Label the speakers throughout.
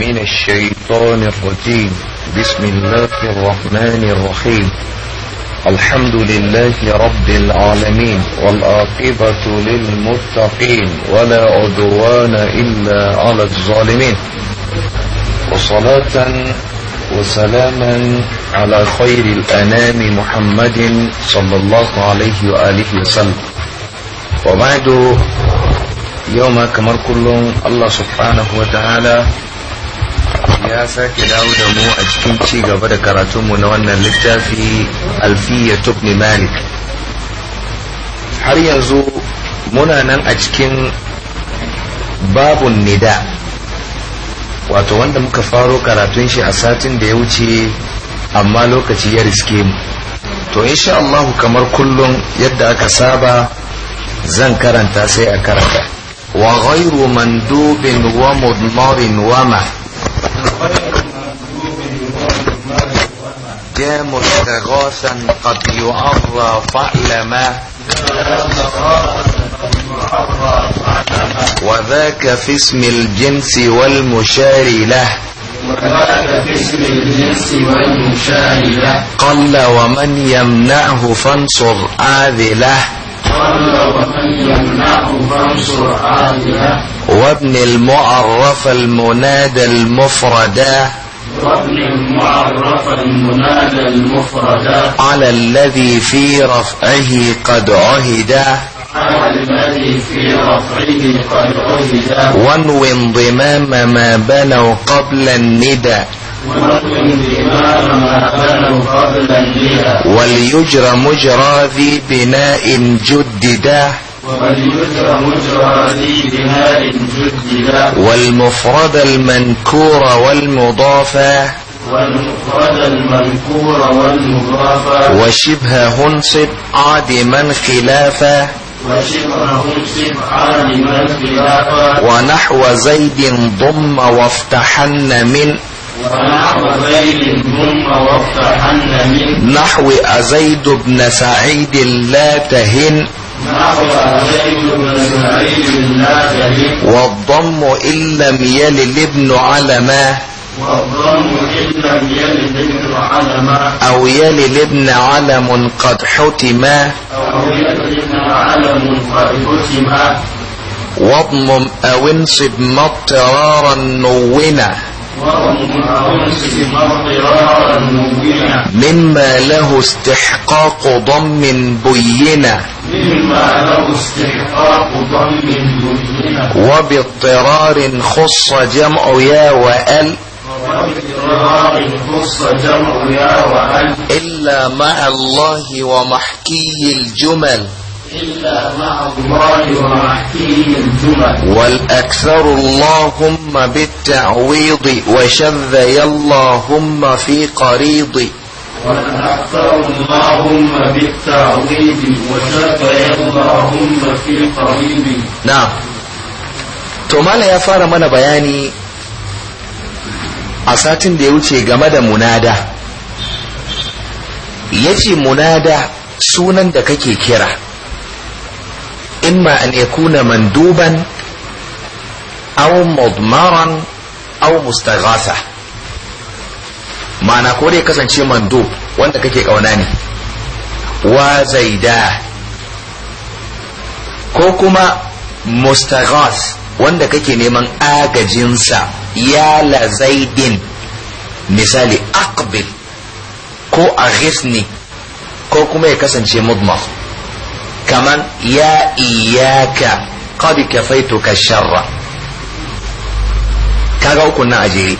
Speaker 1: من الشيطان الرجيم بسم الله الرحمن الرحيم الحمد لله رب العالمين والآقبة للمتقين ولا عدوان إلا على الظالمين وصلاة وسلاما على خير الأنام محمد صلى الله عليه وآله وسلم وبعد يوم كمر كل الله سبحانه وتعالى ya sake dawo da mu a cikin ci gaba da karatunmu na wannan littafi alfiya tubni malik har yanzu muna nan a cikin babun nida wato wanda muka faro karatun shi a satin da ya wuce amma lokaci ya riske mu to insha Allahu kamar kullum yadda aka saba zan karanta sai a karanta wa ghayru mandubin wa mudmarin wa ma' يا مستغاثا قد يعرى فعلما وذاك في اسم الجنس والمشار له قل ومن يمنعه فانصر آذله وابن المعرف المنادى المفردا وابن المعرف المنادى المفردا على الذي في رفعه قد عهدا على الذي في رفعه قد عهدا وانو انضمام ما بنوا قبل الندى وليجرى مجرى ذي بناء جددا وليجرى مجرى ذي بناء جددا والمفرد المنكور والمضافى والمفرد المنكور والمضافى وشبه هنصب عادما خلافا ونحو زيد ضم وافتحن من ونحو زيد ثم وافتحن منه نحو أزيد بن سعيد لا تهن نحو أزيد بن سعيد لا تهن والضم إن لم يل الابن على ما والضم إن لم يل الابن على أو يل الابن علم قد حتما أو يل الابن علم قد حتما واضمم أو انصب مضطرارا نونا مما له استحقاق ضم بينا مما له استحقاق ضم
Speaker 2: بينا
Speaker 1: وباضطرار خص جمع يا وأل إلا مع الله ومحكي الجمل والأكثر اللهم بالتعويض وشذ اللهم في قريض والأكثر اللهم بالتعويض وشذ اللهم في قريض نعم to mala ya fara mana bayani a satin da ya wuce game da munada ya إما أن يكون مندوبا أو مضمرا أو مستغاثة معنى كوري كسن شي مندوب وانت كيكي قوناني وزيدا كوكما مستغاث wanda kake neman agajinsa ya la zaidin misali akbil ko a ko kuma ya kasance mudmar kaman ya iyaka qad kafaituka sharra kaga uku na ajiri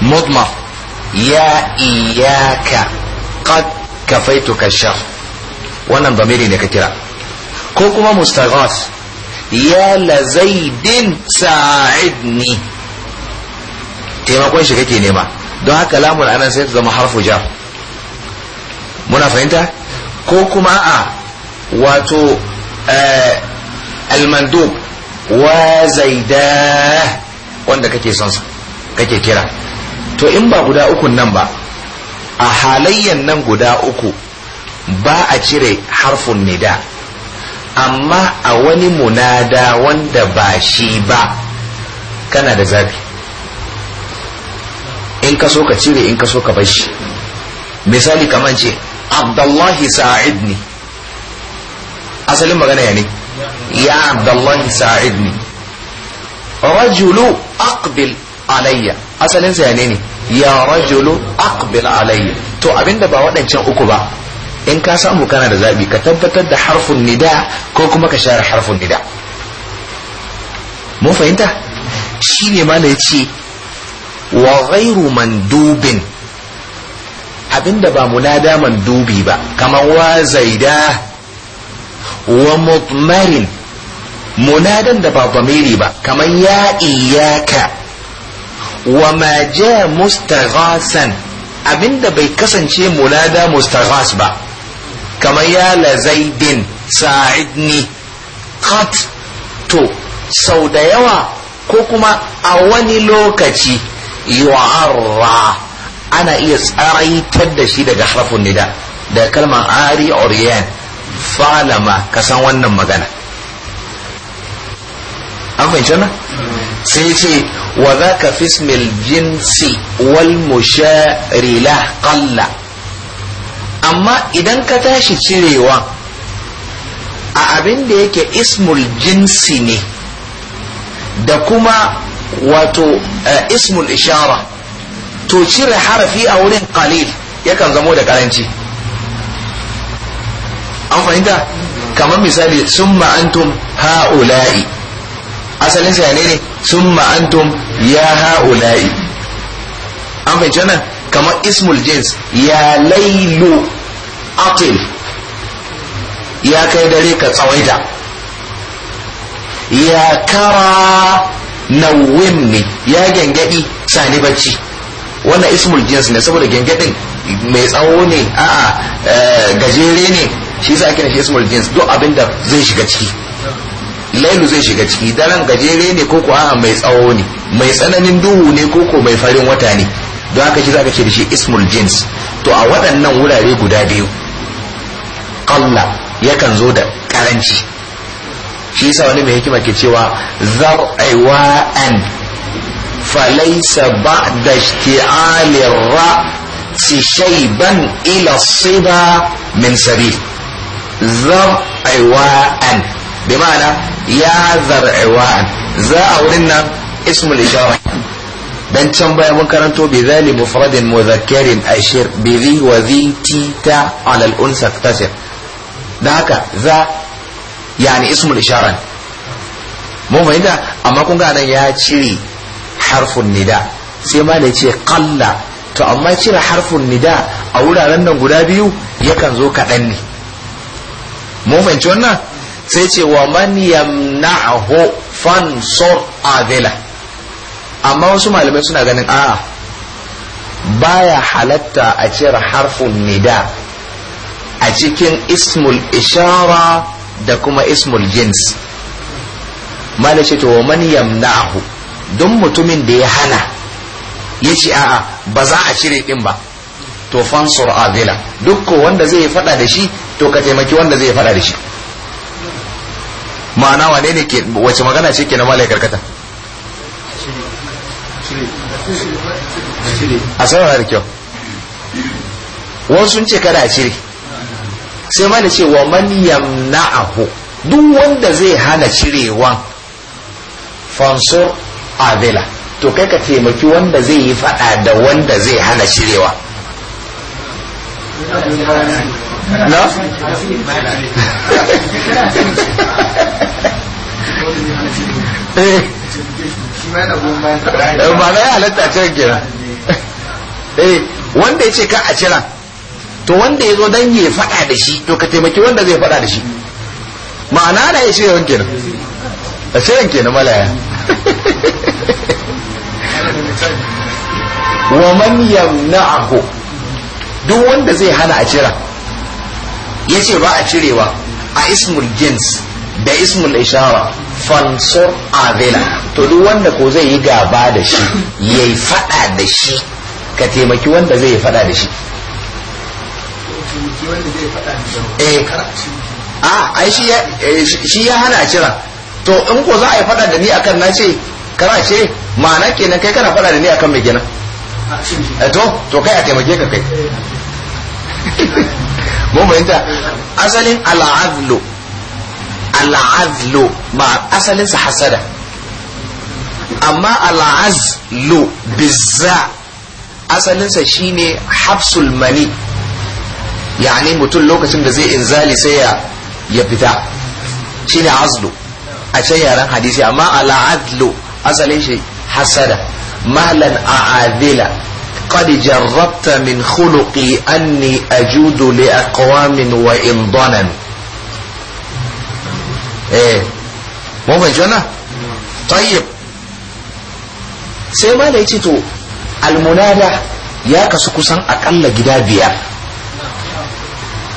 Speaker 1: mudmar ya iyaka qad kafaituka shar wannan bamiri ne ka kira ko kuma mustaghath ya la zaidin sa'idni taimakon shi kake nema don haka lamuna anan sai ta zama harfu jar muna fahimta ko kuma a wato eh, almandub wa zaida wanda kake son su kake kira to in ba guda uku nan ba a halayyan nan guda uku ba a cire harfin nida amma a wani munada wanda ba shi ba kana da zafi in ka so ka cire in ka so ka bashi misali kamar ce abdullahi sa'id ne asalin magana ya ne ya abdullahi sa'id ne rajulu aqbil alayya asalin sa ne ya rajulu aqbil alayya to abinda ba waɗancan uku ba in ka samu kana da zabi ka tabbatar da harfin nida ko kuma ka share harfin nida mun fahimta shine ma da yace wa ghairu mandubin abinda ba munada mandubi ba kamar wa zaida wa mutmarin munadan da ba zamiri ba kamar ya iyaka wa ma ja mustaghasan abinda bai kasance munada mustaghas ba kamar ya la zaidin sa'idni qat to sau da yawa ko kuma a wani lokaci yu'arra ana iya tsaraitar da shi daga harfin nida da kalmar ari oriyan Falama ka san wannan magana an fahimci wannan sai ce wa za ka fismil jinsi wal musharila qalla amma idan ka tashi cirewa a abin da yake ismul jinsi ne da kuma wato eh, ismul ishara to cire harafi a wurin qalil yakan zamo da karanci an fahimta kamar misali sun ma'antum ha'ula'i asalin sa ne sun ma'antum ya ha'ula'i an fahimci nan kamar ismul jins ya lailu atil ya kai dare ka tsawaita ya kara nawwimni ya gyangyaɗi sani bacci wannan ismul jins ne saboda gyangyaɗin mai tsawo ne a'a eh, gajere ne shi yasa ake shi ismul jins duk abin da zai shiga ciki lailu zai shiga ciki daren gajere ne ko ko a'a mai tsawo ne mai tsananin duhu ne ko ko mai farin wata ne don haka shi zaka ce da shi ismul jins to a waɗannan wurare guda biyu ya yakan zo da ƙaranci shi yasa wani mai hikima ke cewa zar'aiwa'an falaisa ba'da ishti'alir ra' شيبا إلى الصبا min سبيل zar'iwa'an bi ma'ana ya zar'iwa'an za a wurin nan ismul ishara dan can baya mun karanto bi zali mufradin ashir bi zi wa zi ti ta ala al unsa tasir da haka za yani ismul ishara mun fahimta amma kun ga nan ya cire harfun nida sai ma da ce qalla to amma cire harfun nida a wuraren nan guda biyu yakan zo kaɗan ne mun fahimci wannan sai ce wa man yamna'ahu fansur adila amma wasu malamai suna ganin a'a baya halatta a cire harfin nida a cikin ismul ishara da kuma ismul jins mana ce to man yamna'ahu don mutumin da ya hana ya ce a'a ba za a cire din ba to fansur adila duk wanda zai faɗa da shi to ka taimaki wanda zai fada da shi ma'ana wane ne ke wace magana ce ke na malai karkata a sanar da kyau wasu sun ce kada a cire sai ma da ce wa na aho duk wanda zai hana cirewan fansur avila to kai ka taimaki wanda zai yi fada da wanda zai hana cirewa Eh. eh, ba na ya halatta cire kira eh wanda ya ce ka a cira to wanda ya zo don ya faɗa da shi to ka taimaki wanda zai faɗa da shi ma'ana da ya cire wanke nan a cire nan malaya wa man yamna'ahu duk wanda zai hana a cira ya ce ba a cirewa a ismul jins da ismul ishara fansur avila to duk wanda ko zai yi gaba da shi ya yi fada da shi ka taimaki wanda zai yi fada da shi eh, a eh, shi ya hana cira to in ko za a yi fada da ni akan na ce kana ce ma'ana kenan kai kana fada da ni akan mai gina eh, to to kai a taimake ka kai mun fahimta asalin al'adlu al'adlu ba asalinsa hasada amma al'azlu bizza asalinsa shine hafsul mani yani mutum lokacin da zai inzali sai ya ya fita shine azlu a can yaren hadisi amma al'adlu asalin shi hasada malan a'adila قد min من خلقي a أجود لأقوام وإن ضنن إيه مو فهمت طيب sai ma da yace to almunada ya kasu kusan akalla gida biyar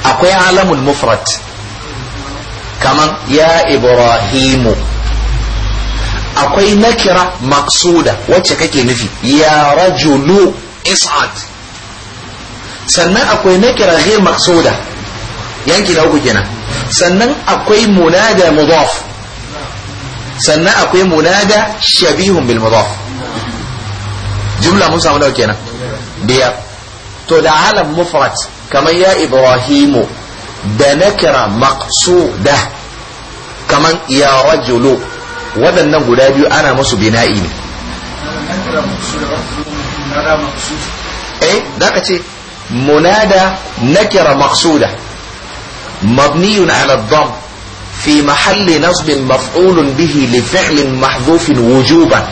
Speaker 1: akwai alamul mufrat kaman ya ibrahimu akwai nakira maksuda wacce kake nufi ya rajulu is'ad sannan akwai nakira ghair maqsuda yanki na uku kenan sannan akwai munada mudaf sannan akwai munada shabihun bil mudaf jumla mun samu nawa kenan biyar to da halan mufrad kamar ya ibrahimu da nakira maqsuda kamar ya rajulu waɗannan guda biyu ana musu bina'i ne اي da ka ce munada مبني على الضم في محل نصب مفعول به لفعل محذوف وجوبا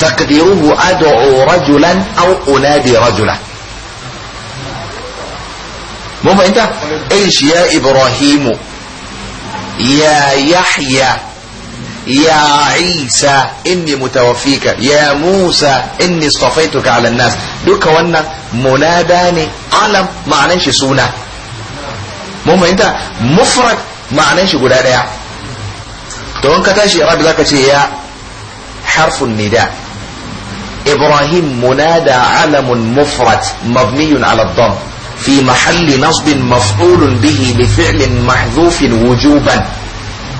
Speaker 1: تقديره أدعو رجلا أو أنادي رجلا مو أنت إيش يا إبراهيم يا يحيى يا عيسى إني متوفيك يا موسى إني اصطفيتك على الناس دوكا وانا مناداني علم معناش سونا مهم انت مفرد معناش قدا ديا تو انك تاشي رب ذاك يا حرف النداء إبراهيم منادى علم مفرد مبني على الضم في محل نصب مفعول به بفعل محذوف وجوبا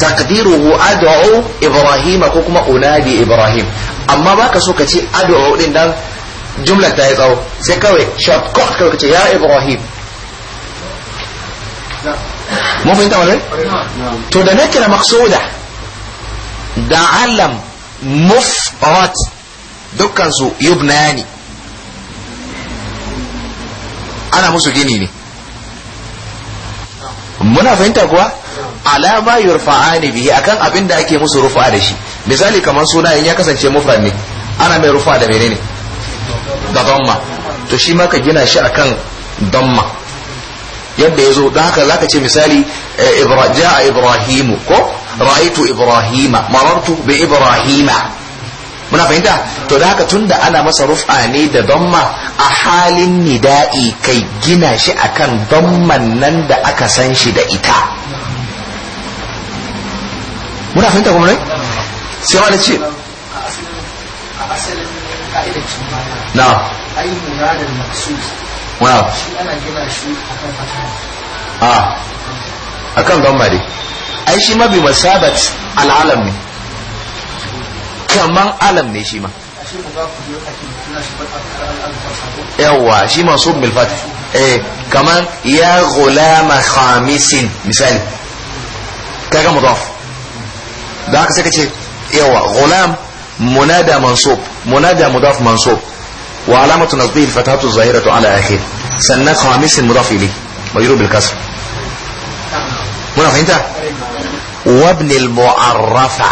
Speaker 1: takdiruhu ad'u ibrahima ko kuma unadi ibrahim amma baka so ka ce ad'u din dan jumlar ta yi tsawo sai kawai shortcut kawai kace ya ibrahim mun fahimta wannan to da nakira maqsuda da alam mufrat dukkan su yubnani ana musu gini ne muna fahimta kuwa alama yurfa'ani bihi akan abin da ake musu rufa da shi misali kamar suna in ya kasance mufrad ne ana mai rufa da menene da damma to shi ma ka gina shi akan damma yadda ya zo don haka zaka ce misali eh, ja'a ibrahimu ko ra'aitu ibrahima marartu bi ibrahima muna fahimta to da haka tunda ana masa rufa ne da damma a halin nida'i kai gina shi akan damman nan da aka san shi da ita muna fahimta kuma ne sai wani ce na wow ah. a akan gamma dai ai shi ma bi masabat al'alam ne kaman alam ne shi ma yawa shi masu bilfat eh kaman ya gulama khamisin misali kaga mutuwa. da haka sai ka ce yawa gulam munada mansub munada mudaf mansub wa alamatu nasbihi alfatatu zahiratu ala akhir sannan khamis mudaf ilayhi majrur bil kasr muna fahimta wa ibn al mu'arrafa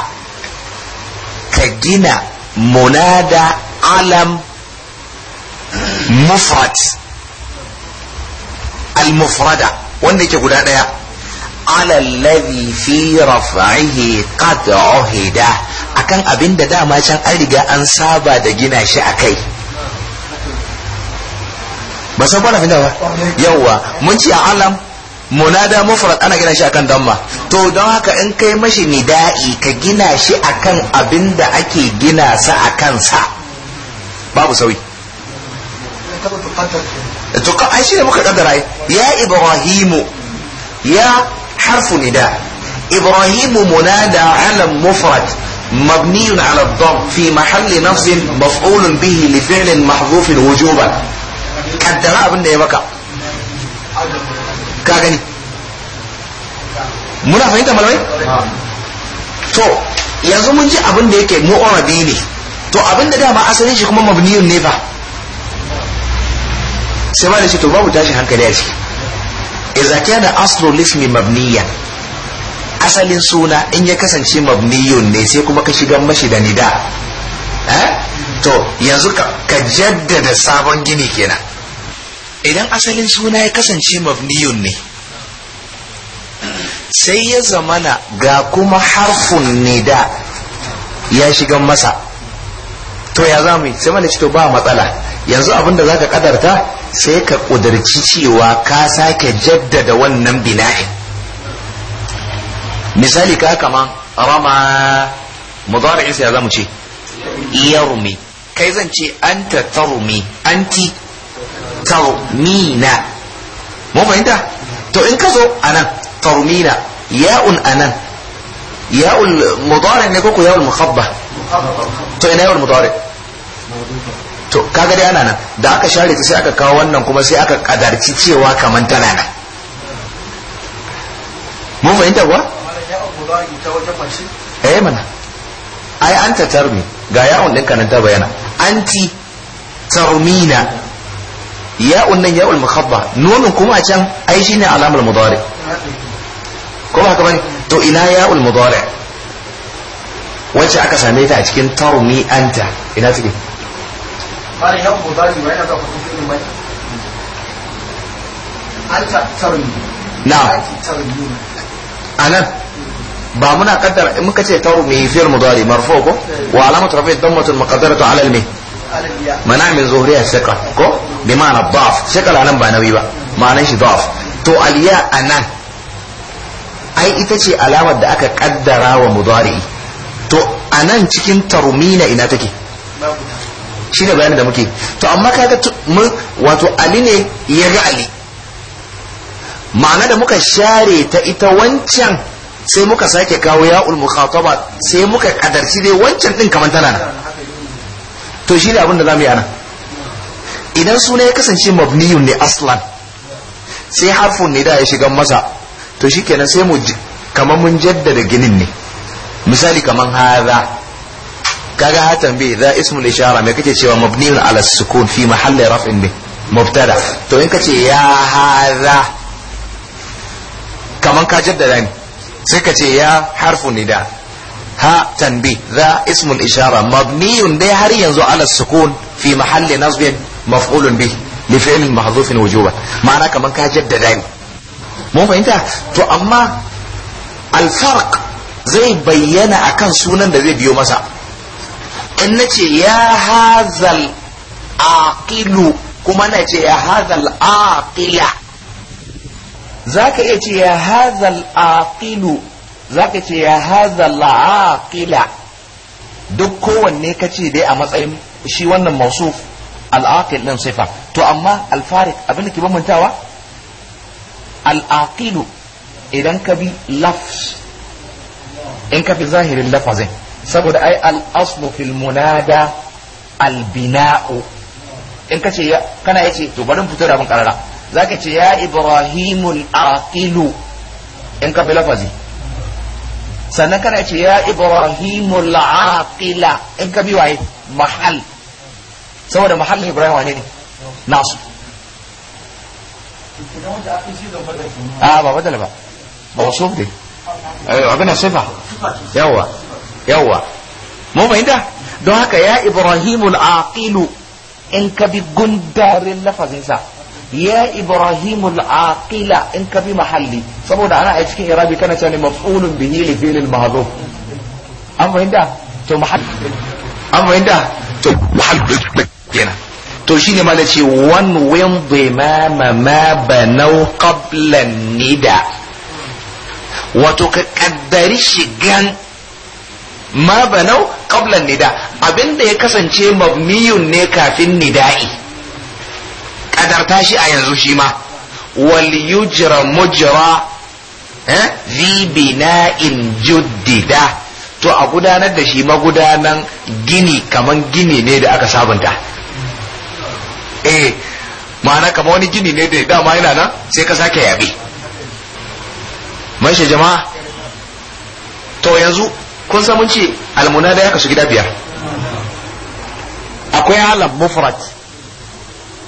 Speaker 1: ka gina munada alam mufrad al mufrada wanda yake guda daya على الذي في رفعه قد عهد akan abin da dama can an riga an saba da gina shi a kai ba san kwana fina ba yawwa mun ci a alam munada mufrad ana gina shi akan damma to don haka in kai mashi nida'i ka gina shi akan abin da ake gina sa a kansa babu sauyi to ai shi ne muka kaddara ya ibrahimu ya حرف نداء إبراهيم منادى علم مفرد مبني على الضم في محل نفس مفعول به لفعل محذوف وجوبا قدرا ابن ده يبقى كاغني muna to yanzu mun ji abin da yake mu'arabi ne to abin da dama asalin shi kuma mabniyun ne fa sai ba da shi to babu tashin hankali a ciki idza kana aslu lismi mabniya asalin suna in ya kasance mabniyun ne sai kuma ka shiga mashi da nida to yanzu ka jaddada sabon gini kenan idan asalin suna ya kasance mabniyun ne sai ya zamana ga kuma harfun nida ya shiga masa to ya zamu sai mana to ba matsala yanzu abinda zaka kadarta sai ka ƙudarci cewa ka sake jaddada wannan bina'in misali ka kama rama mudari'in sai ya mu ce rumi kai zan ce anta tarmi anti tarmina mu fahimta to in ka zo anan tarmina ya'un anan ya'ul mudari' ne ko ya'ul mukhabba to ina ya'ul mudari' to kaga dai ana nan da aka share ta sai aka kawo wannan kuma sai aka kadarci cewa kaman tana nan mun fahimta kuwa eh mana ai an ta tarmi ga ya'un din nan ta bayana anti tarmina ya'un nan ya'ul mukhabba nunun kuma a can ai shine alamul mudari ko haka bane to ina ya'ul mudari wacce aka same ta a cikin tarmi anta ina take malam ya kuma zalimi yana zuwa kusa filin mai an ta tattarni na anan ba muna kaddara in muka ce taru mai fiyar mudari marfu ko wa alamatu rafi dammatul muqaddaratu ala al mana min zuhriya shakal ko bi ma'ana daf shakal anan ba nauyi ba ma'anan shi daf to aliya anan ai ita ce alamar da aka kaddara wa mudari to anan cikin tarmina ina take shi ne bayanin da muke to amma kaga mun wato ali ne ya ga ali ma'ana da muka share ta ita wancan sai muka sake kawo ya'ul mukhataba sai muka kadarci dai wancan din kamar tana nan to shi ne abin da zamu yi anan idan suna ya kasance mabniyun ne aslan sai harfin ne da ya shiga masa to shikenan sai mu kamar mun jaddada ginin ne misali kamar haza kaga ha tambayi za ismul ishara mai kake cewa mabniun ala sukun fi mahalli raf'in bi mubtada to in kace ya hadha kaman ka jaddada ne sai kace ya harfu nida ha tanbi za ismul ishara mabniun dai har yanzu ala sukun fi mahalli nasbin maf'ulun bi li fi'lin mahdhufin wujuban ma'ana kaman ka jaddada ne mun fahimta to amma alfarq zai bayyana akan sunan da zai biyo masa in na ce ya hazal aqilu kuma na ce ya hazal aqila za ka iya ce ya hazal aqilu za ce ya hazal aqila duk kowanne ka ce dai a matsayin shi wannan mausuf al'aqil din sifa to amma alfarik abin da ke bambantawa al'aqilu idan ka bi lafs in ka bi zahirin lafazin saboda ai al-aslu fil munada albinau. binau in kace ya kana yace to bari fito da abin karara zaka ce ya ibrahimul aqilu in ka bi lafazi sannan kana ce ya ibrahimul aqila in ka biwaye mahal saboda mahal ibrahim wane ne nasu a ah, ba badala ba ba wasu dai eh, abin sifa yawa yawwa mu fahimta don haka ya ibrahimul aqilu in ka bi gundarin lafazinsa ya ibrahimul aqila in ka bi mahalli saboda ana a cikin irabi kana cewa ne maf'ulun bihi li fi'lil mahdhuf an fahimta to mahall an fahimta to mahall kenan to shine ma nace wan win dhimama ma banau qabla nida wato ka kaddari shigan ma banau qablan nida abinda ya kasance mabniyun ne kafin nida'i kadarta shi a yanzu shi ma wal yujra mujra eh, fi bina'in juddida to a gudanar da shi magudanan gini kaman gini ne da aka sabunta eh ma'ana kamar wani gini ne da dama yana nan sai ka sake yabe mashi jama'a to yanzu kun san mun ce daya ya kasu gida biyar akwai alam mufrad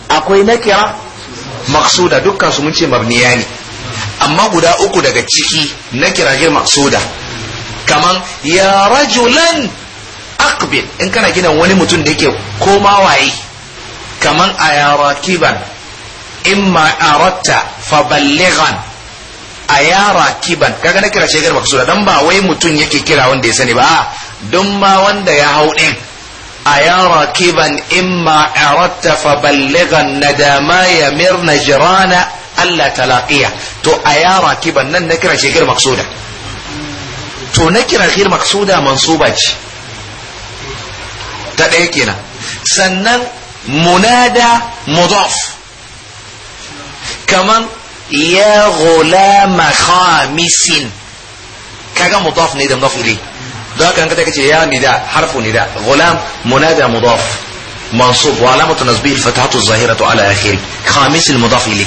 Speaker 1: akwai nakira maksuda dukkan su mun ce mabniya ne amma guda uku daga ciki nakira gir maksuda kaman ya rajulan aqbil in kana gina wani mutum da yake koma waye kaman a ya rakiban imma aratta faballighan a yara kiban kaga na kira shi garba don ba wai mutum yake kira wanda ya sani ba don ma wanda ya hau din a yara kiban imma aratta fa balligan nadama ya mirna jirana Allah talaqiya to a yara kiban nan na kira shi garba to na kira shi maksuda mansuba ce ta ɗaya kenan sannan munada mudaf kaman يا غلام خامس كذا مضاف نيدا مضاف إليه ده كان كده كده يا نداء حرف نداء غلام منادى مضاف منصوب وعلامة نصبه الفتحة الظاهرة على آخره خامس المضاف إليه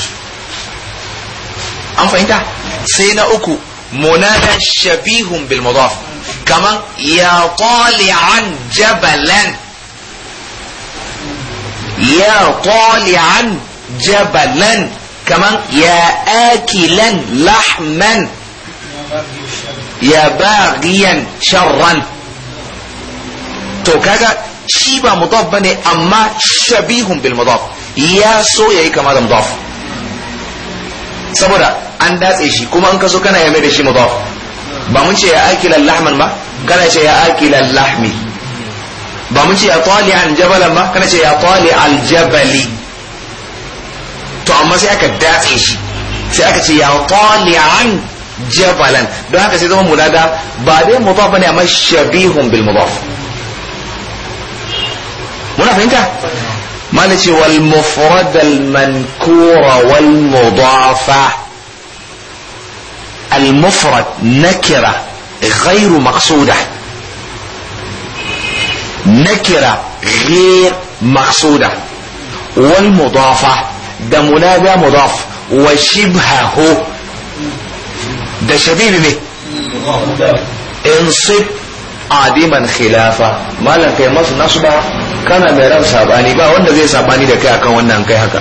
Speaker 1: أم انت سينا أكو منادى شبيه بالمضاف كمان يا طالعا جبلا يا طالعا جبلا kaman ya akilan lahman ya bagiyan sharran to kaga shi ba ba ne amma shabihun bil mudaf ya so yayi kama da saboda an datse shi kuma an kaso kana yame da shi mudaf ba mun ce ya akilan lahman ba kana ce ya akilan lahmi ba mun ce ya tali an jabalan ba kana ce ya tali al jabali to amma sai aka datse shi sai aka ce ya tali'an jabalan don haka sai zama mulada ba dai mudaf bane amma shabihun bil mudaf muna fahimta mana ce wal mufrad al mankura wal mudafa al mufrad nakira غير مقصودة نكرة غير مقصودة والمضافة da munada mudaf wa shibhahu da shabibi ne insib adiman khilafa malam kai masu nasu ba kana mai ran sabani ba wanda zai sabani da kai akan wannan kai haka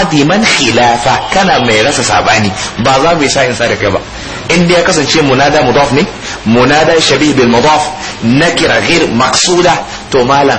Speaker 1: adiman khilafa kana mai rasa sabani ba za mu yi sa'in sa da kai ba in ya kasance munada mudaf ne munada shabih bil mudaf nakira ghair maqsuda to malam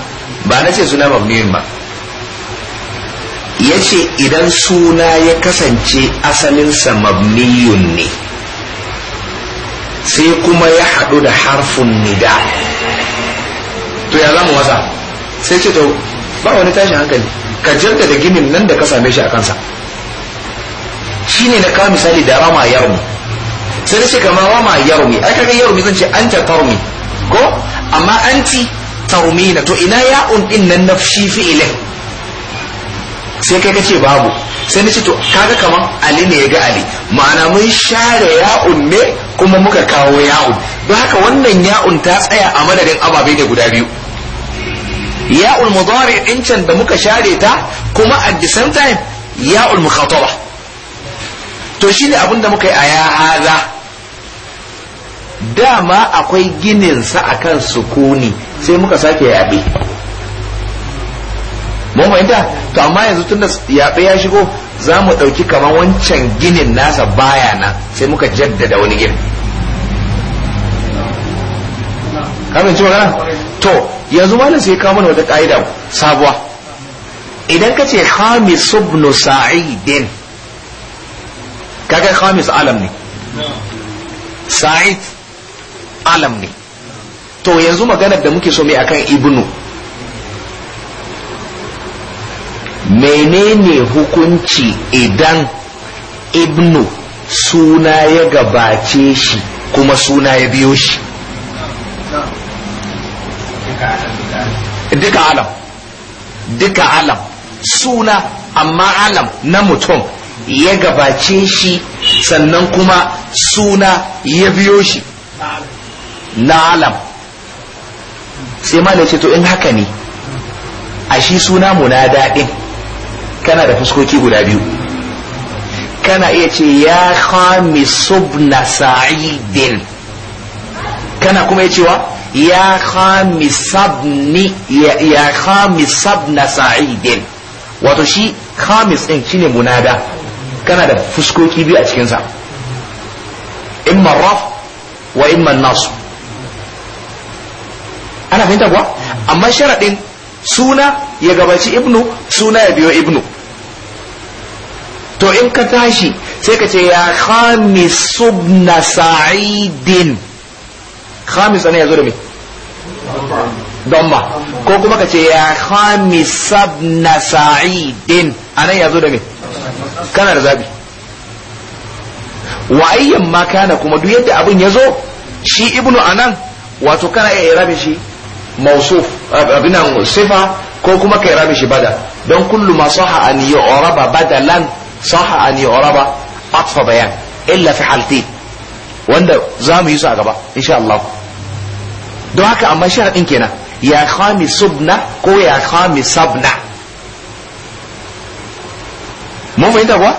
Speaker 1: ba na ce suna mabniyin ba ya ce idan suna ya kasance asalinsa mabniyun ne sai kuma ya haɗu da harfin nida to ya zama wasa sai ce to ba wani tashin hankali ka jirga da ginin nan da ka same shi a kansa shi ne na kawo misali da rama yarmi sai da ce kama rama yarmi ai kaga yarmi zan ce an tarmi ko amma anti taumina to ina ya'un din nan na shi ile sai kai kace babu sai ce to kaga kaman ali ne yaga ali ma'ana mun share ya'un ne kuma muka kawo ya'un don haka wannan ya'un ta tsaya a madadin ababe da guda biyu ya'ul mudari in can da muka share ta kuma at the same time ya'ul mukhataba to shine abinda muka yi a ya haza dama akwai gininsa a kan sukuni sai muka sake yabe. mun fahimta to amma yanzu tunda yaɓe ya shigo za mu ɗauki kamar wancan ginin nasa baya na sai muka jaddada wani ginin kamin ci magana to yanzu malam sai kawo mana wata ƙa'ida sabuwa idan ka ce hamis ibn sa'idin kaga khamis alam ne sa'id alam ne to yanzu maganar da muke so mai akan ibnu menene hukunci idan ibnu suna ya gabace shi kuma suna ya biyo shi duka alam duka alam suna amma alam na mutum ya gabace shi sannan kuma suna ya biyo shi na'alam sai malam ce to in haka ne a shi suna munada ɗin kana da fuskoki guda biyu kana iya ce ya khamis ibn sa'idin kana kuma iya cewa ya khamis ibn ya khamis ibn sa'idin wato shi khamis din shine munada kana da fuskoki biyu a cikinsa. sa imma raf wa imma nasb ana fahimta kuwa amma sharaɗin suna ya gabaci ibnu suna ya biyo ibnu to in ka tashi sai ka ce ya khamis subna sa'idin khamis ana yazo da me damma ko kuma ka ce ya khamis subna sa'idin ana yazo da me kana da zabi wa ayyan ma kana kuma duk yadda abin yazo shi ibnu anan wato kana iya rabin shi mausuf abinan sifa ko kuma kai rami shi bada don kullu ma saha an yu'raba badalan saha an yu'raba atfa bayan illa fi halti wanda za mu yi su a gaba insha Allah don haka amma sharadin kenan ya khami subna ko ya khami sabna mun fahimta kuwa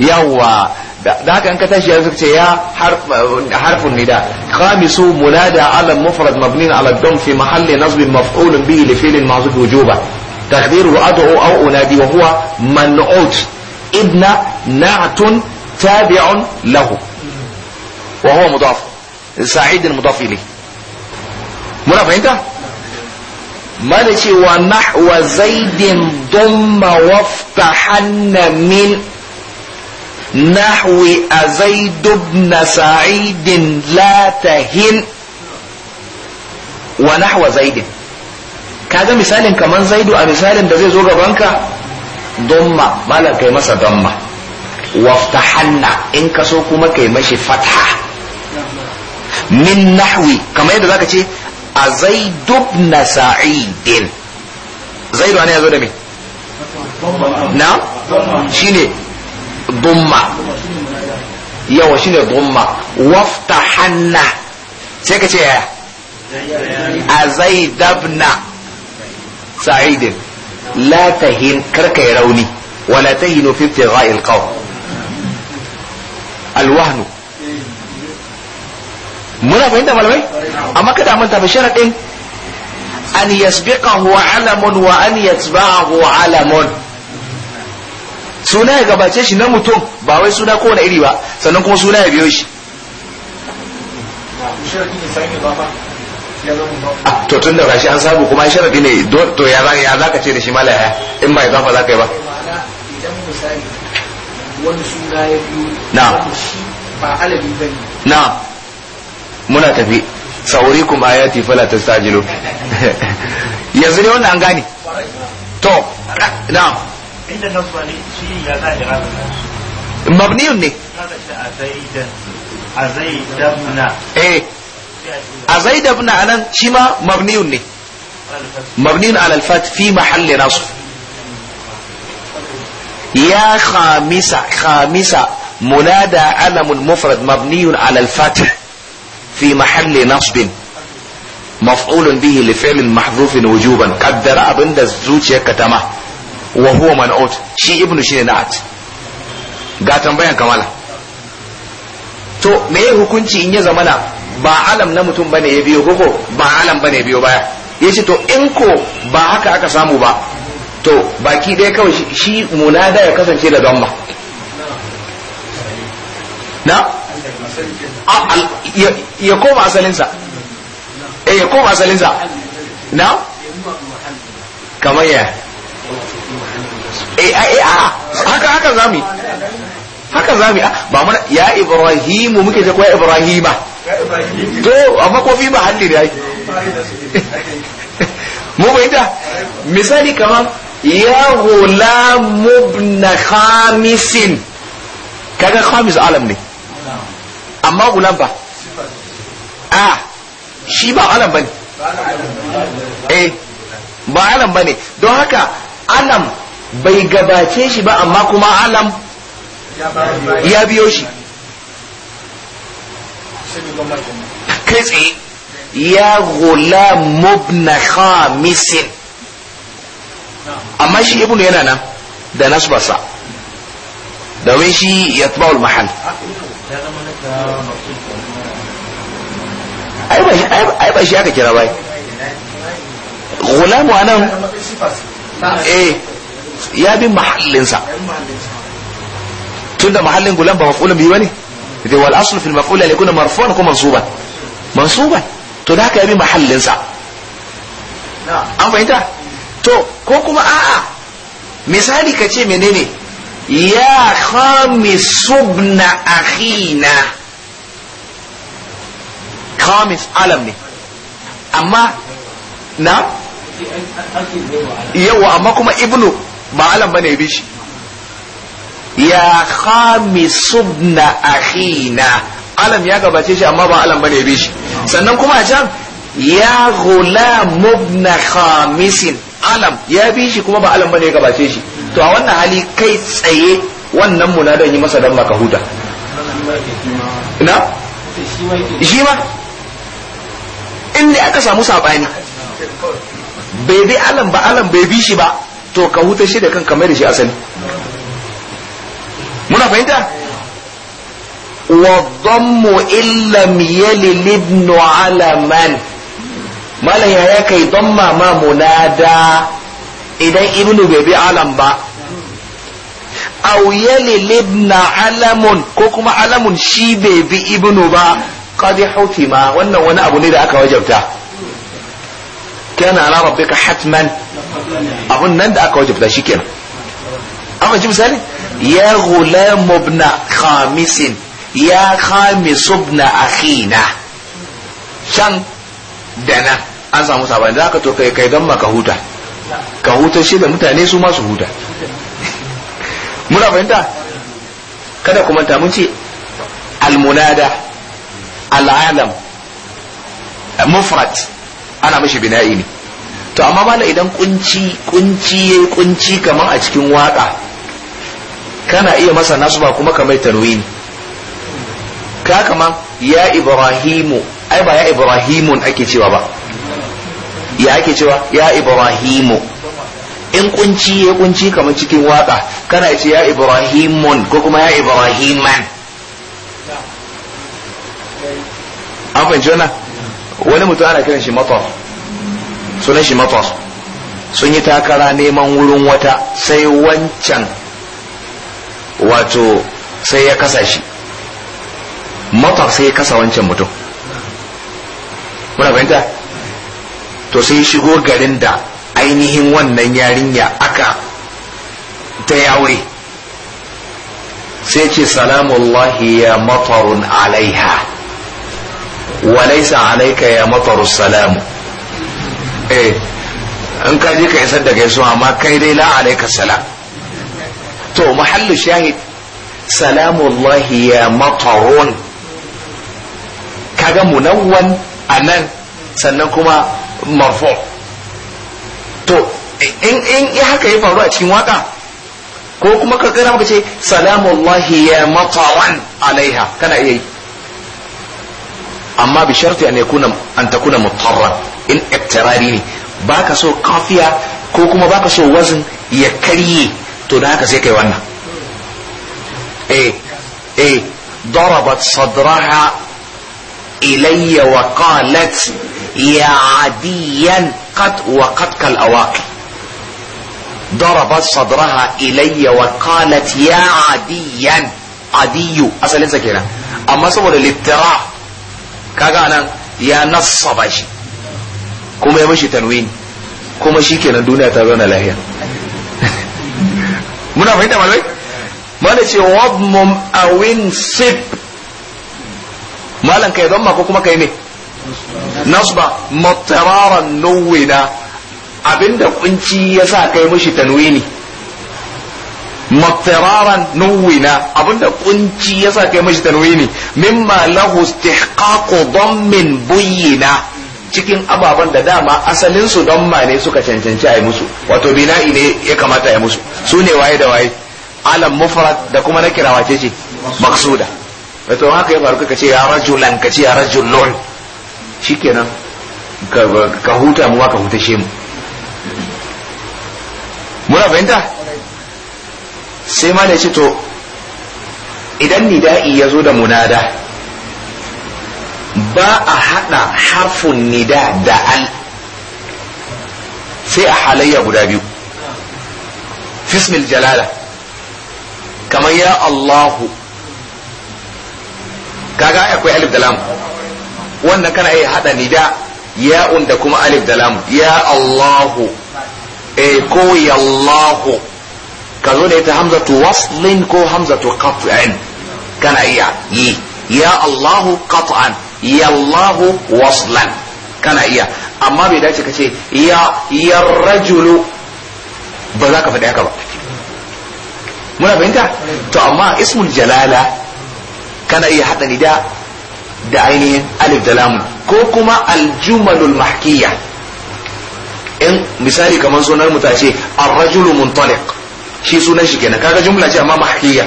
Speaker 1: yawa da haka in ka tashi yanzu ce ya harfun nida khamisu munada ala mufrad mabni ala dam fi mahalli nasb maf'ul bihi li Filin ma'zuf wujuba taqdiruhu ad'u aw unadi wa huwa man'ut ibna na'tun tabi'un lahu wa huwa mudaf sa'id mudaf ilayh muna fahimta mana cewa nahwa zaidin dumma waftahanna min نحو أزيد بن سعيد لا تهن ونحو زيد kaga misalin kaman zaidu a misalin da zai zo gabanka domma malam kai masa domma waftahanna in ka so kuma kai mashi fatha min nahwi kamar yadda ka ce a zaidu sa'idin zaidu ana yazo da me na shine dumma yawa shine dumma waftahanna sai ka ce yaya a zaidabna sa'idin la tahin karka yi rauni wala tahinu fi ibtigha'i al alwahnu muna fahimta malamai amma kada manta ba sharadin an yasbiqahu alamun wa an yatba'ahu alamun suna ya gabace shi na mutum ba wai suna kowane iri ba sannan kuma suna ya biyo shi ah, to tun da rashi an sabu kuma sharadi ne to ya za ya zaka ce da shi malaya in ba za ka yi ba idan wani suna ya biyo na ba alabi sauri na muna tafi saurikum ta fala yanzu ne wannan an gane to na. inda nan ba ne shi ya za ya rana shi mabniyun ne azaidabna eh azaidabna anan shi ma mabniyun ne mabniyun ala alfat fi mahalli يا خامسة خامسة منادى علم مفرد مبني على الفتح في محل نصب مفعول به لفعل محذوف وجوبا قدر أبن دزوج يكتمه wa huwa man'ut shi ibnu shine na'at ga tambayan kamala to me ya hukunci in ya zamana ba alam na mutum bane ya biyo koko ba alam bane ya biyo baya ya ce to in ko ba haka aka samu ba to baki ɗaya kawai shi munada ya kasance da damma na ya koma asalinsa eh ya koma asalinsa na kamar ya eh a haka haka zamu yi haka zamu yi ah, ba mana ya ibrahimu muke ta koya ibrahima to amma ko fi ba halli da yake mu bai ta misali kamar ya gulam ibn khamisin kaga khamis alam ne amma gulam ba a ah, shi ba alam bane eh ba alam bane don haka alam bai gabace shi ba amma kuma alam ya biyo shi kai tsaye ya gula mubna khamisin amma shi ibnu yana nan da nasbasa domin shi ya tabawul mahal ai ba shi aka kira bai gulamu anan eh ya bi mahallinsa tunda mahallin gulan ba maf'ulun bi bane da wal aslu fil maf'ul la yakuna marfu'an ko mansuban mansuban to da haka ya bi mahallinsa an fahimta to ko kuma a'a misali ka ce menene ya khamis subna akhina khamis alam ne amma na yawa amma kuma ibnu ba alam bane bi shi ya khamisubna akhina alam ya gabace shi amma ba alam bane bi shi sannan kuma a can ya gulamubna khamisin alam ya bi shi kuma ba alam bane ya gabace shi to a wannan hali kai tsaye wannan don yi masa dan maka huta na shi ma inda aka samu sabani bai bi alam ba alam bai bi shi ba to ka huta shi da kanka mai da shi asali muna fahimta wadammu illam yali libnu alaman malam ya kai damma ma munada idan ibnu bai bi alam ba aw yali libna alamun ko kuma alamun shi bai bi ibnu ba qad hutima wannan wani abu ne da aka wajabta kana ala rabbika hatman abun nan da aka wajabta shi kenan an ji misali ya gulamu ibn khamisin ya khamisu ibn akhina shan da na an samu sabani da aka to kai kai gamma ka huta ka huta shi da mutane su masu huta muna fahimta kada ku manta mun ce almunada al'alam mufrat ana mishi bina'i ne to amma mala idan kunci kunci yayi kunci kamar a cikin waka kana iya masa nasu ba kuma kamar tarwini ka kama ya ibrahimu ai ba ya ibrahimun ake cewa ba ya ake cewa ya ibrahimu in kunci yayi kunci kamar cikin waka kana ce ya ibrahimun ko kuma ya ibrahiman an fahimci wannan wani mutum ana kiran shi mataf sunan shi mafas sun yi takara neman wurin wata sai wancan wato sai ya kasa shi matar sai ya kasa wancan mutum muna fahimta to sai shigo garin da ainihin wannan yarinya aka ta yaure sai ce salamullahi ya mafarun alaiha walaisa alaika ya mafarun salamu eh in ka je ka isar da gaisuwa amma kai dai la alaika salam to mahallu shahid salamullahi ya matarun kaga munawwan nan sannan kuma marfu to in in haka ya faru a cikin waka ko kuma ka kira maka ce salamullahi ya mataran alaiha kana iya yi amma bi sharti an yakuna an takuna mutarran in ittirari ne baka so kafiya ko kuma baka so wazin ya karye to da haka sai kai wannan eh eh ضربت صدرها إلي وقالت يا عديا قد وقد كالأواقي ضربت صدرها إلي وقالت يا عديا عدي أصلا كده أما سبب الابتراع كاغانا يا نصب شيء kuma ya mashi tanwini kuma shi kenan duniya ta zauna lahiya muna fahimta malamai mana ce wadmum awin sip malam kai zama ko kuma kai ne nasba matararan nuwina abinda kunci ya sa kai mashi tanwini matararan nuwina abinda kunci ya sa kai mashi tanwini mimma lahu istihqaqu dhammin buyyina cikin ababen da dama asalinsu don ma ne suka cancanci a yi musu wato bina'i ne ya kamata ya musu su ne waye da waye alam mufrad da kuma na kira wace ce maksuda wato haka ya faru ka ce ya lankaci ka ce ya rajulun shikenan ka huta mu ka huta shemu muna fahimta sai ma ne ce to idan nida'i ya zo da munada ba a haɗa harfin nida da al sai a halayya guda biyu fismil jalala kamar ya Allahu kaga akwai alif da lam wannan kana iya haɗa nida ya'un da kuma alif da lam ya Allahu
Speaker 2: E ko ya Allahu
Speaker 1: ka zo da ita hamzatu waslin ko hamzatu qat'in kana iya yi ya Allahu qat'an yallahu waslan kana iya amma bai dace ka ce ya rajulu ba za ka faɗi haka ba muna fahimta to amma ismul jalala kana iya haɗa ni da da ainihin alif da lamun ko kuma aljumalul mahkiya in misali kamar sunan mu ta ce arrajulu muntaliq shi sunan shi kenan kaga jumla ce amma mahkiya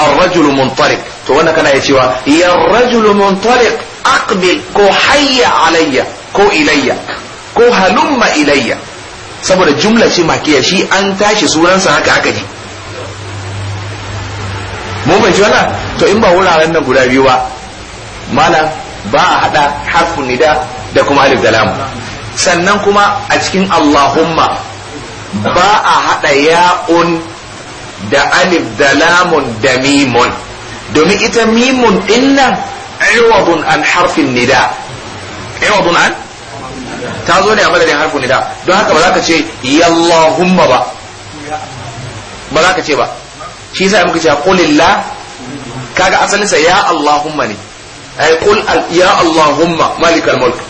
Speaker 1: arrajulu muntaliq to wannan kana ya cewa ya rajulun muntariq aqbil ko hayya alayya ko ilayya ko halumma ilayya saboda jumla ce makiya shi an tashi sunansa haka aka ji mun bai to in ba wuraren nan guda biyu ba malam ba a hada harfu nida da kuma alif da sannan kuma a cikin allahumma ba a hada ya'un da alif da lamun da domin ita mimun din nan iwadun an harfin nida iwadun an ta zo ne a madadin harfin nida don haka ba za ka ce yallahumma ba ba za ka ce ba shi yasa muka ce qulillah kaga asalin sa ya allahumma ne ay qul ya allahumma malikal mulk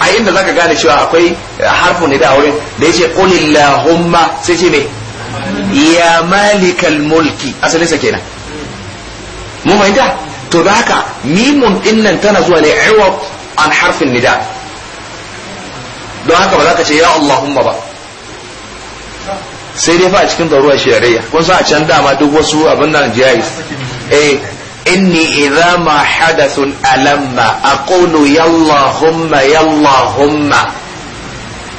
Speaker 1: a inda zaka gane cewa akwai harfin nida a wurin da yace qulillahumma sai ce me ya malikal mulki asalin sa kenan mu mai da to da haka mimun dinnan tana zuwa ne iwab an harfin nida don haka ba za ka ce ya Allahumma ba sai dai fa a cikin daruwa shari'a kun san a can dama duk wasu abin nan jayis eh inni idza ma hadathun alamma aqulu yallahumma yallahumma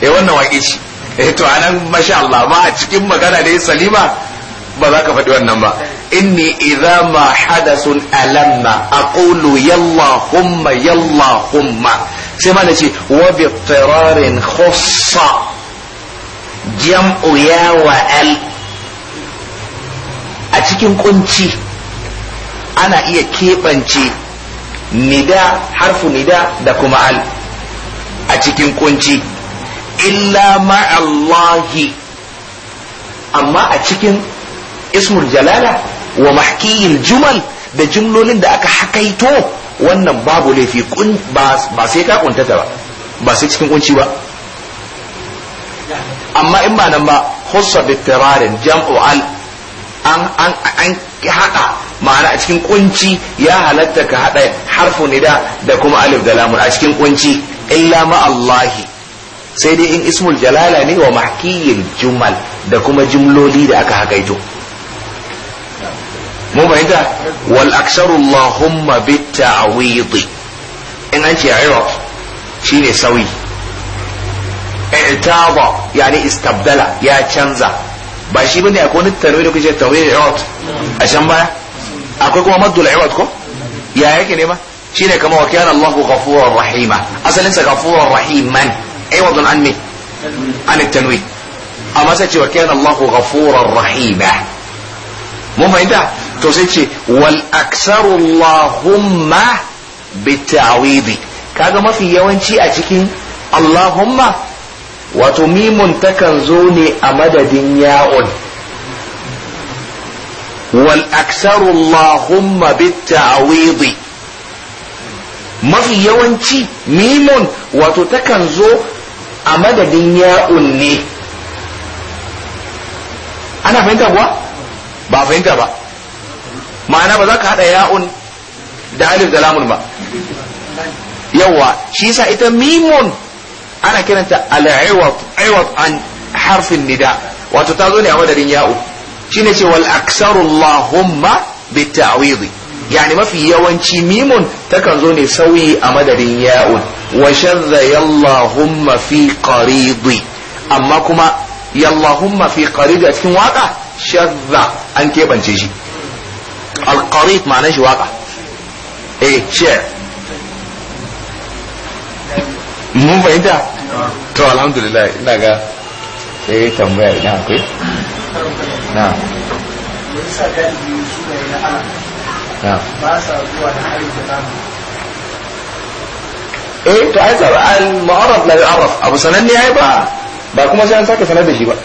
Speaker 1: eh wannan waki ce eh to anan masha Allah ma a cikin magana dai salima ba za ka faɗi wannan ba inni idza ma hadathun alamma aqulu yalla humma yalla humma sai ma nace wa bi qirarin khassa jam'u al a cikin kunci ana iya keɓance nida harfu nida da kuma al a cikin kunci illa ma'allahi amma a cikin ismul wa mahkiyil jumal da jumlolin da aka hakaito wannan babu laifi ba sai ka kuntata ba ba sai cikin kunci ba amma in ba nan ba hussa bittirarin jam'u al an an an hada ma'ana a cikin kunci ya halatta ka hada harfu nida da kuma alif da lamun a cikin kunci illa ma Allahi sai dai in ismul jalala ne wa mahkiyil jumal da kuma jumloli da aka hakaito مو بعيدة والأكثر اللهم بالتعويض إن أنت عوض شيني سوي اعتاض يعني استبدل يا canza ba shi bane akwai wani tarwi da kuke tawhid iwat a can baya akwai kuma maddul iwat ko ya yake ne ba shine kama wa kana Allah ghafurur rahima asalin sa ghafurur rahiman iwadun an me an tanwi amma sai ce wa kana Allah ghafurur rahima mun fahimta to sai ce wal aksaru allahumma bitawidi kaga mafi yawanci a cikin allahumma wato mimun takan zo ne a madadin ya'un wal aksaru allahumma bitawidi mafi yawanci mimun wato takan zo a madadin ya'un ne ana fahimta kuwa ba fahimta ba ma'ana ba za ka haɗa ya'un da alif da lamun ba yawa shi sa ita mimun ana kiranta al-iwad an harfin nida wato ta zo ne a madadin ya'u shine ce wal aksaru allahumma bitawidi yani mafi yawanci mimun takan zo ne sauyi a madadin ya'un wa shadda yallahumma fi qaridi amma kuma yallahumma fi qaridi a cikin waka shadda an keɓance shi qarit ma'anar shi waka eh share mun fahimta to alhamdulillah ina ga sai tambaya ina akwai na na ba da eh to ai al la abu sananne ai ba ba kuma sai an saka sanar da shi ba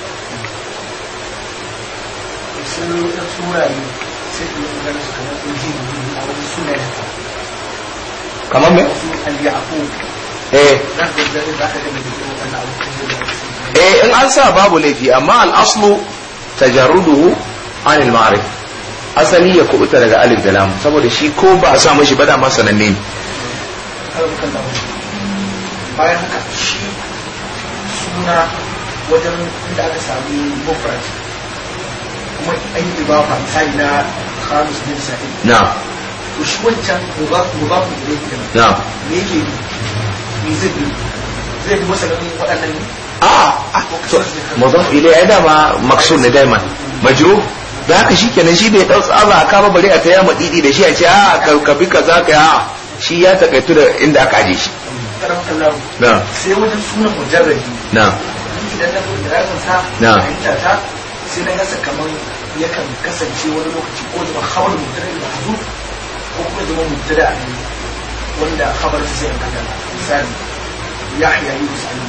Speaker 1: kamar me eh eh in an sa babu laifi amma al-aslu tajarruduhu an al-ma'rif asali ya kubuta daga alif da lam saboda shi ko ba a sa mishi ba da ma sananne ne bayan haka shi suna wajen da aka sami mufrad kuma an yi ba misali na khamis bin kenan me yake zai bi da haka shi kenan shi bai ɗau tsaba ka a taya madidi da shi a a ah, ka kaza ka ah, shi ya takaitu da inda aka aje shi na sai wajen sunan mujarrabi na idan na da sa na sai na kamar yakan kasance wani lokaci ko zama khabar mubtada da mahzu ko kuma zama mubtada a ne wanda khabar su sai kada misali yahya yi ali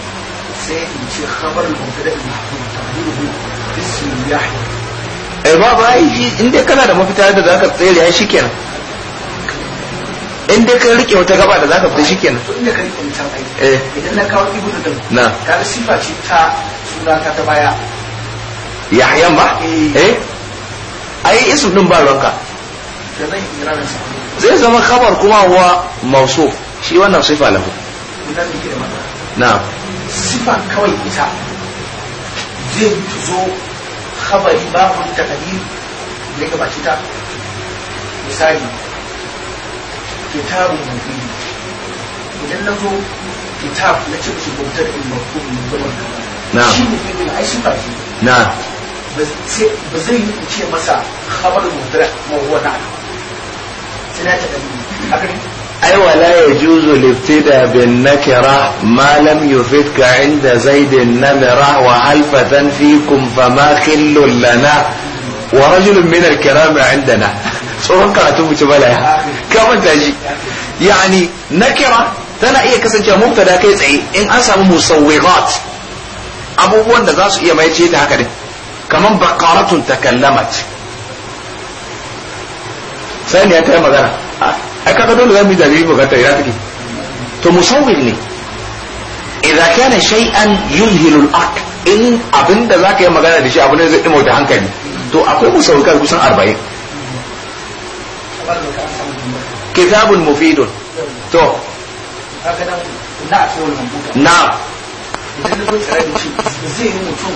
Speaker 1: sai in ce khabar mubtada da mahzu tahdidu ismi yahya eh ba ba shi in dai kana da mafita da zaka tsere ai shikenan in dai ka rike wata gaba da zaka fita shikenan in inda ka rike mutan ai eh. idan na kawo da din na ka sifa ce ta suna ta ta baya yahyan ba eh, eh? ai ism din ba ruwanka zai zama khabar kuma huwa mausu shi wannan sifa lahu na sifa kawai ita zai zo khabari babu takadir da ga baki ta misali kitabun mubini idan na zo kitab na cikin rubutar ilmakon zama kama shi mubini ai sifa shi? na ba zai yi ce masa khamar mudra mawwana sai na ta dani أي ولا يجوز الابتداء بالنكرة ما لم يفدك عند زيد النمرة وهلفة فيكم فما خل لنا ورجل من الكرام عندنا tsoron karatu mu ci balaya ka manta shi yani nakira tana iya kasancewa mubtada kai tsaye in an samu musawirat abubuwan da za su iya mai ta haka din kamar bakaratun takallamat sai ne ya kai magana a kaga dole za mu yi bukatar ya take to musawwir ne idza kana shay'an yulhilu al in abinda zaka yi magana da shi abin A zai dimo da hankali to akwai musawwika kusan 40 kitabun mufidun to na na zai mutum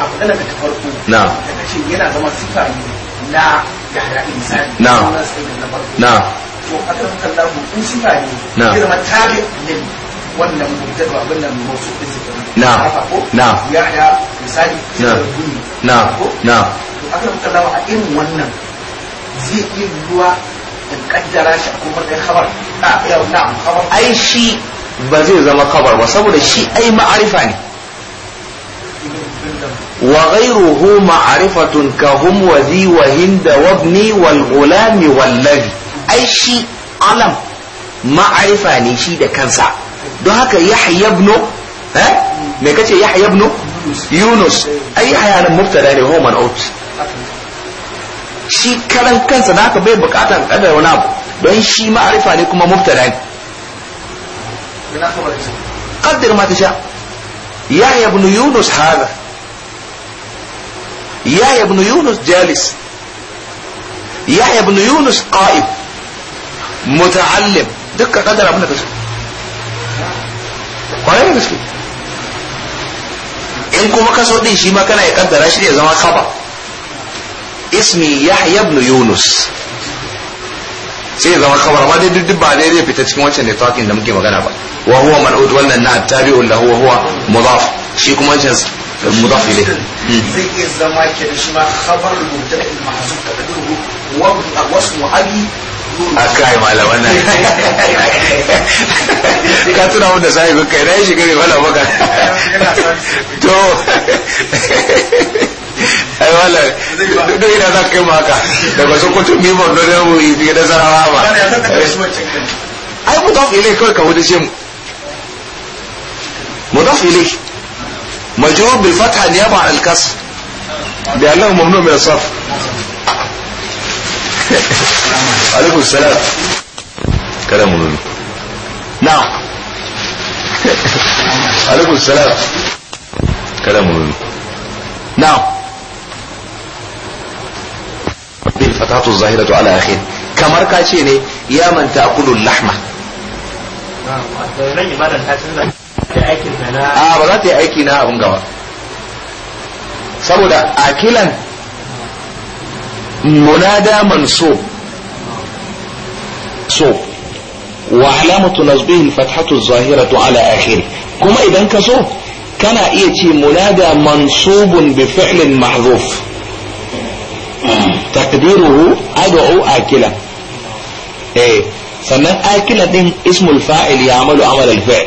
Speaker 1: a magana da farko na daga ce yana zama sifa ne na da haɗaɗin misali na na to a kan hukar lahu in sifa ne na girma tabi ne wannan mutar ba wannan motsu ɗin sifa na na ya da misali na na na to a kan hukar a irin wannan zai iya ruwa in kaddara shi a kuma ɗin khabar na ah, yau na khabar ai shi ba zai zama khabar ba saboda shi ai ma'arifa ne وغيره معرفة كهم وذي وهند وابني والغلام والذي أي شيء علم معرفة نشي ده كنسا ده هكا يحيى ابنه ها ما كتش يحيى ابنه يونس أي يحيى أنا مبتدا يعني هو منعوت shi karan kansa da haka bai bukatan kadar wani abu don shi ma'arifa ne kuma mubtada ne qaddar ma tasha ya ibn yunus hada يحيى بن يونس جالس يحيى بن يونس قائم متعلم دكة قدر أبنى كشف قرية كشف in kuma ka so din shi ma kana ya shi ya zama ismi yahya ibn yunus
Speaker 2: sai zama khabar amma dai
Speaker 1: duk ba dai zai fita cikin wancan networking da muke magana ba wa huwa mal'ud wannan na tabi'un lahu wa huwa mudaf shi kuma wancan المضاف اليه زي الزما كده شما خبر المبتدا المحذوف تقديره ابي akai kai wala to ai wala ka da zarawa ba ai kawai ka wuce mu مجرور بالفتحة نيابة عن الكسر بيقال لهم ممنوع من الصرف عليكم السلام كلام مهم نعم عليكم السلام كلام مهم نعم الفتحة الظاهرة على أخيه kamar ka ce ne ya manta akulun lahma a ah, ba za ta yi aiki na abin gaba saboda akilan munada manso so wa alamatu nasbihi fathatu zahiratu ala akhiri kuma idan ka so kana iya ce munada mansubun bi fi'lin mahzuf تقديره akila آكلا إيه سنن آكلا دين اسم الفاعل يعمل عمل الفعل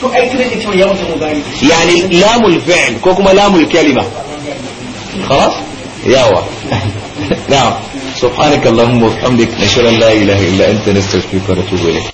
Speaker 1: to ai kira da cewa ya mutu mubari yani lamul fi'l ko kuma lamul kalima خلاص ياوا نعم سبحانك اللهم وبحمدك نشهد ان لا اله الا انت نستغفرك ونتوب اليك